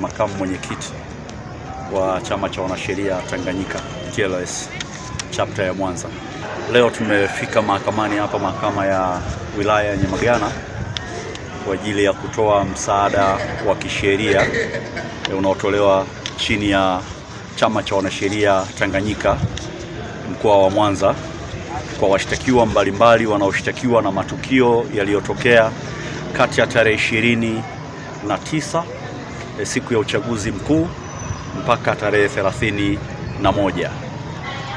makamu mwenyekiti wa chama cha wanasheria Tanganyika TLS chapter ya Mwanza. Leo tumefika mahakamani hapa mahakama ya wilaya ya Nyamagana kwa ajili ya kutoa msaada wa kisheria unaotolewa chini ya chama cha wanasheria Tanganyika mkoa wa Mwanza kwa washtakiwa mbalimbali wanaoshtakiwa na matukio yaliyotokea kati ya tarehe ishirini na tisa Eh, siku ya uchaguzi mkuu mpaka tarehe 31.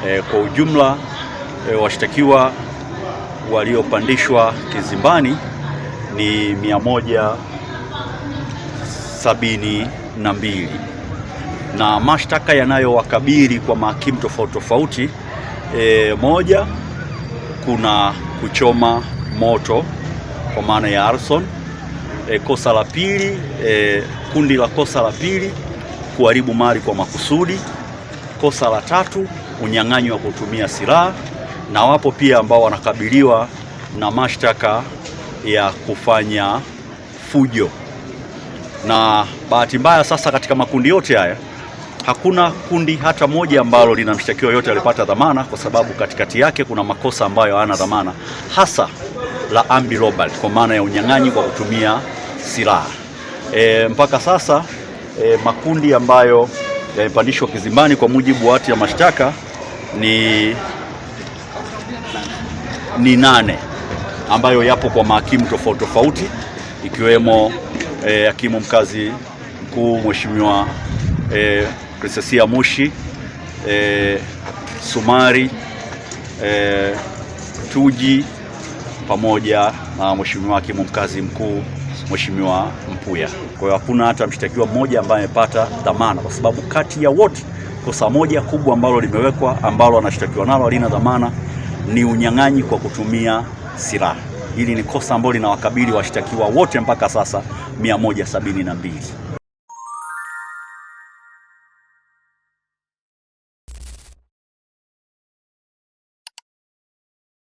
E, eh, kwa ujumla e, washtakiwa waliopandishwa kizimbani ni mbili na mashtaka yanayowakabili kwa mahakimu tofauti tofauti e, moja kuna kuchoma moto kwa maana ya arson e, kosa la pili e, kundi la kosa la pili kuharibu mali kwa makusudi. Kosa la tatu unyang'anyi wa kutumia silaha, na wapo pia ambao wanakabiliwa na mashtaka ya kufanya fujo. Na bahati mbaya sasa, katika makundi yote haya hakuna kundi hata moja ambalo lina mshtakiwa yote alipata dhamana, kwa sababu katikati yake kuna makosa ambayo hayana dhamana hasa la armed robbery kwa maana ya unyang'anyi kwa kutumia silaha. E, mpaka sasa e, makundi ambayo e, yamepandishwa kizimbani kwa mujibu wa hati ya mashtaka ni, ni nane ambayo yapo kwa mahakimu tofauti tofauti ikiwemo e, hakimu mkazi mkuu Mheshimiwa e, Princessia Mushi e, Sumari e, Tuji pamoja na mheshimiwa hakimu mkazi mkuu Mheshimiwa Mpuya. Kwa hiyo hakuna hata mshtakiwa mmoja ambaye amepata dhamana, kwa sababu kati ya wote kosa moja kubwa ambalo limewekwa ambalo anashtakiwa nalo halina dhamana ni unyang'anyi kwa kutumia silaha. Hili ni kosa ambalo linawakabili washtakiwa wote mpaka sasa 172.